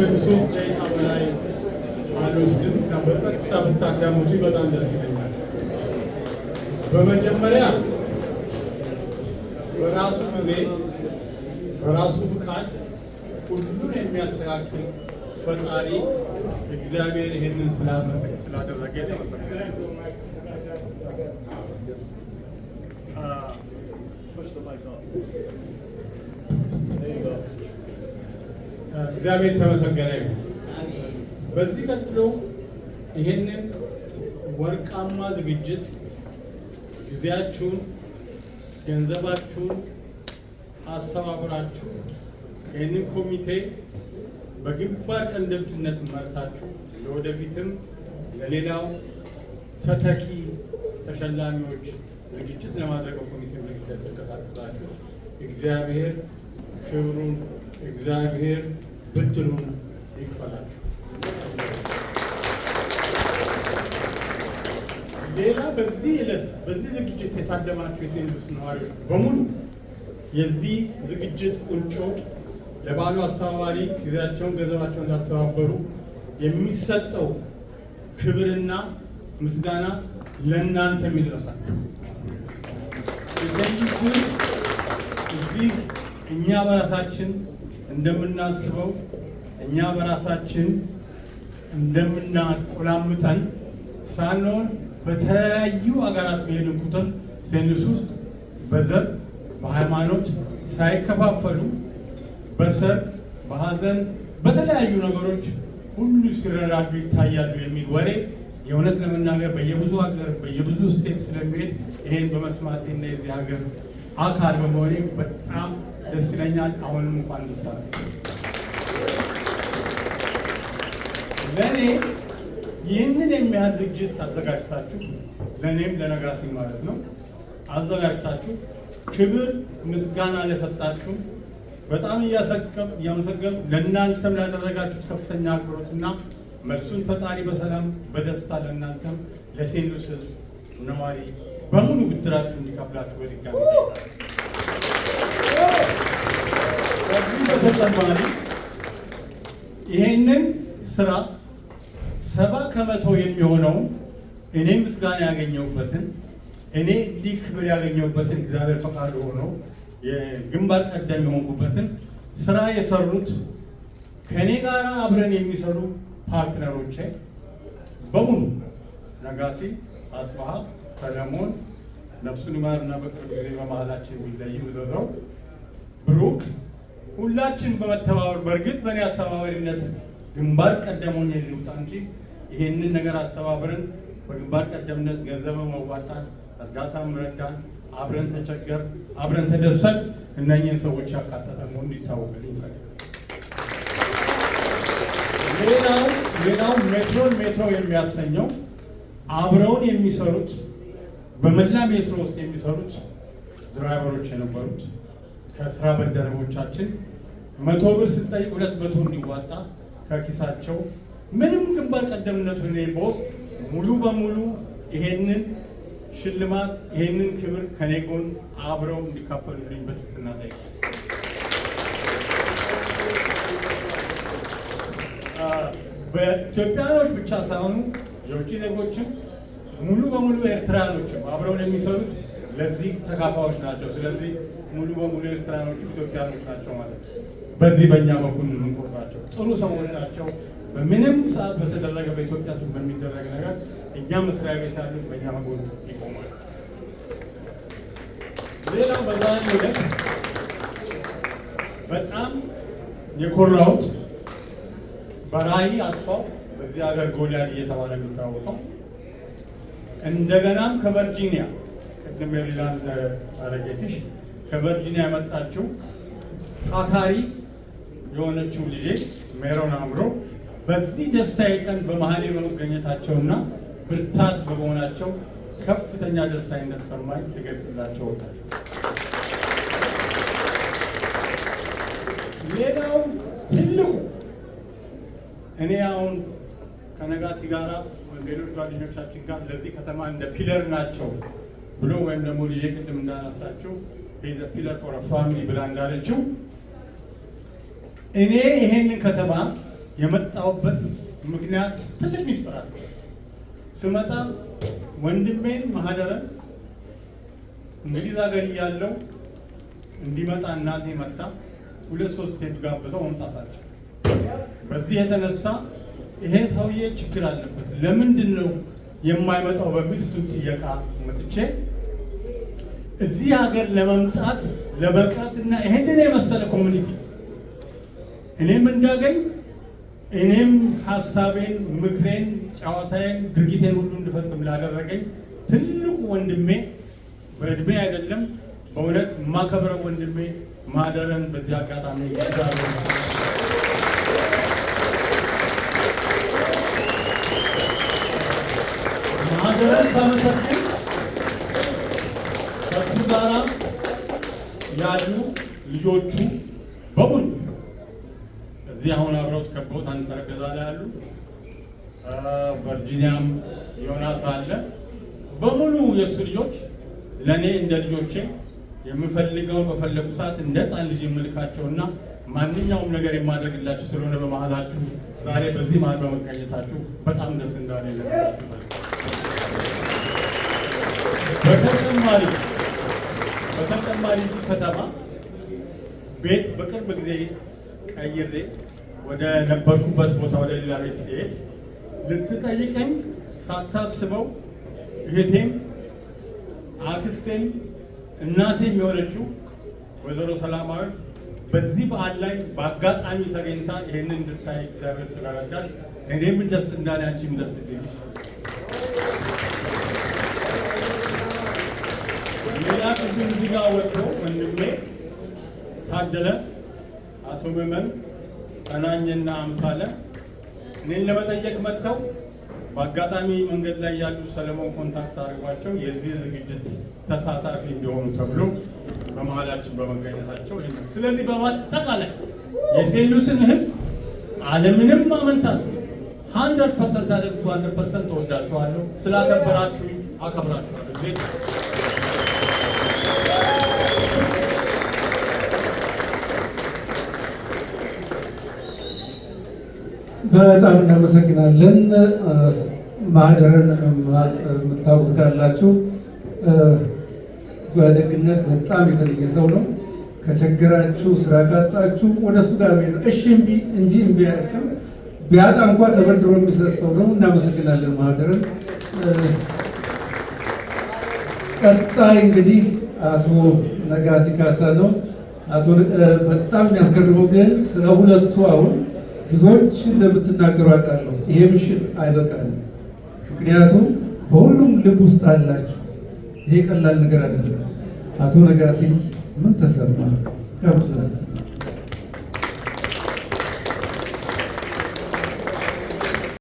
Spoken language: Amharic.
husus ne amrai አልወስድም ከበርካታ ብታዳምጡ በጣም ደስ ይለኛል። በመጀመሪያ በራሱ ጊዜ በራሱ ፍቃድ ሁሉን የሚያስተካክል ፈጣሪ እግዚአብሔር ይህንን ስላደረገ እግዚአብሔር ተመሰገነ። በዚህ ቀጥሎ ይህንን ወርቃማ ዝግጅት ጊዜያችሁን፣ ገንዘባችሁን አስተባብራችሁ ይህንን ኮሚቴ በግንባር ቀደምትነት መርታችሁ ለወደፊትም ለሌላው ተተኪ ተሸላሚዎች ዝግጅት ለማድረግ ኮሚቴ ምልክት ተንቀሳቀሳችሁ እግዚአብሔር ክብሩን እግዚአብሔር ብድሩን ይክፈላችሁ። ሌላ በዚህ ዕለት በዚህ ዝግጅት የታደማችሁ የሴንዱስ ነዋሪዎች በሙሉ የዚህ ዝግጅት ቁንጮ ለባሉ አስተባባሪ ጊዜያቸውን፣ ገንዘባቸውን እንዳስተባበሩ የሚሰጠው ክብርና ምስጋና ለእናንተ የሚደርሳችሁ ለዚህ እዚህ እኛ በራሳችን እንደምናስበው እኛ በራሳችን እንደምናቆላምጠን ሳንሆን በተለያዩ ሀገራት በሄድን ቁጥር ሴንስ ውስጥ በዘር በሃይማኖት ሳይከፋፈሉ በሰርግ በሀዘን በተለያዩ ነገሮች ሁሉ ሲረዳዱ ይታያሉ የሚል ወሬ የእውነት ለመናገር በየብዙ ሀገር በየብዙ ስቴት ስለሚሄድ ይሄን በመስማት እና የዚህ ሀገር አካል በመሆኔ በጣም ደስ ይለኛል። አሁንም እንኳን ደሳ ለእኔ ይህንን የሚያህል ዝግጅት አዘጋጅታችሁ ለእኔም ለነጋሲ ማለት ነው አዘጋጅታችሁ ክብር ምስጋና ለሰጣችሁ በጣም እያመሰገብ ለእናንተም ላደረጋችሁት ከፍተኛ አክብሮትና መልሱን ፈጣሪ በሰላም በደስታ ለእናንተም ለሴሉስ ሕዝብ ነዋሪ በሙሉ ብድራችሁ እንዲከፍላችሁ በድጋሚ ከዚህ በተጨማሪ ይሄንን ስራ ሰባ ከመቶ የሚሆነውን እኔ ምስጋና ያገኘሁበትን እኔ እንዲህ ክብር ያገኘሁበትን እግዚአብሔር ፈቃድ ሆኖ የግንባር ቀደም የሆንኩበትን ስራ የሰሩት ከእኔ ጋር አብረን የሚሰሩ ፓርትነሮቼ በሙሉ ነጋሲ አስፋሃ፣ ሰለሞን ነፍሱን ይማርና በቅርብ ጊዜ በመሀላችን የሚለይ ብዘዘው ብሩክ ሁላችን በመተባበር በእርግጥ በእኔ አስተባባሪነት ግንባር ቀደሙን የልውጣ እንጂ ይሄንን ነገር አስተባብርን በግንባር ቀደምነት ገንዘብ መዋጣት፣ እርዳታ ረዳን፣ አብረን ተቸገር፣ አብረን ተደሰት እነኝህን ሰዎች ያካተተ መሆኑ እንዲታወቅልኝ ይፈልጋል። ሌላው ሌላው ሜትሮን ሜትሮ የሚያሰኘው አብረውን የሚሰሩት በመላ ሜትሮ ውስጥ የሚሰሩት ድራይቨሮች የነበሩት ከስራ ባልደረቦቻችን መቶ ብር ስንጠይቅ ሁለት መቶ እንዲዋጣ ከኪሳቸው ምንም ግንባር ቀደምነቱ እኔ ሙሉ በሙሉ ይሄንን ሽልማት ይሄንን ክብር ከኔ ጎን አብረው እንዲካፈሉልኝ በትህትና ጠይቃለሁ። በኢትዮጵያኖች ብቻ ሳይሆኑ የውጭ ዜጎችም ሙሉ በሙሉ ኤርትራኖችም አብረውን የሚሰሩት ለዚህ ተካፋዮች ናቸው። ስለዚህ ሙሉ በሙሉ ኤርትራኖቹ ኢትዮጵያኖች ናቸው ማለት ነው። በዚህ በእኛ በኩል የምንቆርጣቸው ጥሩ ሰዎች ናቸው። በምንም ሰዓት በተደረገ በኢትዮጵያ ስም በሚደረግ ነገር እኛ መስሪያ ቤት ያሉት በእኛ መጎን ይቆማል። ሌላው በዛ ሂደት በጣም የኮራሁት በራእይ አስፋው በእግዚአብሔር ጎልያድ እየተባለ የሚታወቀው እንደገናም ከቨርጂኒያ ቅድም ሜሪላንድ አረጌትሽ ከቨርጂኒያ የመጣችው ታታሪ የሆነችው ልጄ ሜሮን አምሮ በዚህ ደስታዬ ቀን በመሀሌ በመገኘታቸውና ብርታት በመሆናቸው ከፍተኛ ደስታ እንደተሰማኝ ልገልጽላቸው ወታል። ሌላው እኔ አሁን ከነጋሲ ጋራ ሌሎች ጓደኞቻችን ጋር ለዚህ ከተማ እንደ ፒለር ናቸው ብሎ ወይም ደግሞ ልጄ ቅድም እንዳነሳችው ቤዘ ፒለር ፎር ፋሚሊ ብላ እንዳለችው እኔ ይሄንን ከተማ የመጣሁበት ምክንያት ትልቅ ሚስጥር አለ። ስመጣ ወንድሜን ማህደረን እንግዲህ ዛገር እያለው እንዲመጣ እናቴ መጣ። ሁለት ሶስት ሴት ጋብተው መምጣታቸው በዚህ የተነሳ ይሄ ሰውዬ ችግር አለበት ለምንድን ነው የማይመጣው በሚል እሱን ጥየቃ መጥቼ እዚህ ሀገር ለመምጣት ለበቃትና ይሄንን የመሰለ ኮሚኒቲ እኔም እንዳገኝ እኔም ሀሳቤን፣ ምክሬን፣ ጨዋታዬን፣ ድርጊቴን ሁሉ እንድፈጽም ላደረገኝ ትልቁ ወንድሜ በእድሜ አይደለም በእውነት ማከብረው ወንድሜ ማደረን በዚህ አጋጣሚ አብረን ተመሰግን ከሱ ጋራ ያሉ ልጆቹ በሙሉ እዚህ አሁን አብረውት ከበውት አንድ ጠረጴዛ ላይ አሉ። ቨርጂኒያም ዮናስ አለ በሙሉ የእሱ ልጆች ለእኔ እንደ ልጆቼ የምፈልገው በፈለጉ ሰዓት እንደ ህፃን ልጅ የምልካቸውና ማንኛውም ነገር የማደርግላችሁ ስለሆነ በመሀላችሁ ዛሬ በዚህ መሀል በመገኘታችሁ በጣም ደስ እንዳለ በተጨማሪ በተጨማሪ እዚህ ከተማ ቤት በቅርብ ጊዜ ቀይሬ ወደ ነበርኩበት ቦታ ወደ ሌላ ቤት ሲሄድ ልትጠይቀኝ ሳታስበው እህቴም አክስቴም እናቴም የሆነችው ወይዘሮ ሰላማዊት በዚህ በዓል ላይ በአጋጣሚ ተገኝታ ይህንን እንድታይ እግዚአብሔር ስለረዳሽ እኔም ደስ እንዳለ አንቺም ደስ ይበልሽ። ወዳት እዚህ ጋር ወጥቶ ወንድሜ ታደለ አቶ መመን ቀናኝና አምሳለ እኔን ለመጠየቅ መጥተው በአጋጣሚ መንገድ ላይ ያሉ ሰለሞን ኮንታክት አድርጓቸው የዚህ ዝግጅት ተሳታፊ እንዲሆኑ ተብሎ በመሀላችን በመገኘታቸው ስለዚህ በማጠቃላይ የሴሉስን ህዝብ አለምንም ማመንታት ሀንድረድ ፐርሰንት አደግቱ ሀንድረድ ፐርሰንት እወዳችኋለሁ። ስላከበራችሁ አከብራችኋለሁ። በጣም እናመሰግናለን። ማህደርን የምታውቁት ካላችሁ በደግነት በጣም የተለየ ሰው ነው። ከቸገራችሁ፣ ስራ ካጣችሁ ወደ እሱ ጋር ነው እሺ እምቢ እንጂ እምቢ አያውቅም። ቢያጣ እንኳ ተበድሮ የሚሰጥ ሰው ነው። እናመሰግናለን ማህደርን። ቀጣይ እንግዲህ አቶ ነጋሲ ካሳ ነው። አቶ በጣም የሚያስገርመው ግን ስለ ሁለቱ አሁን ብዙዎች እንደምትናገሩ አውቃለሁ። ይሄ ምሽት አይበቃል፣ ምክንያቱም በሁሉም ልብ ውስጥ አላችሁ። ይሄ ቀላል ነገር አይደለም። አቶ ነጋሲ ምን ተሰማ ጋብዛል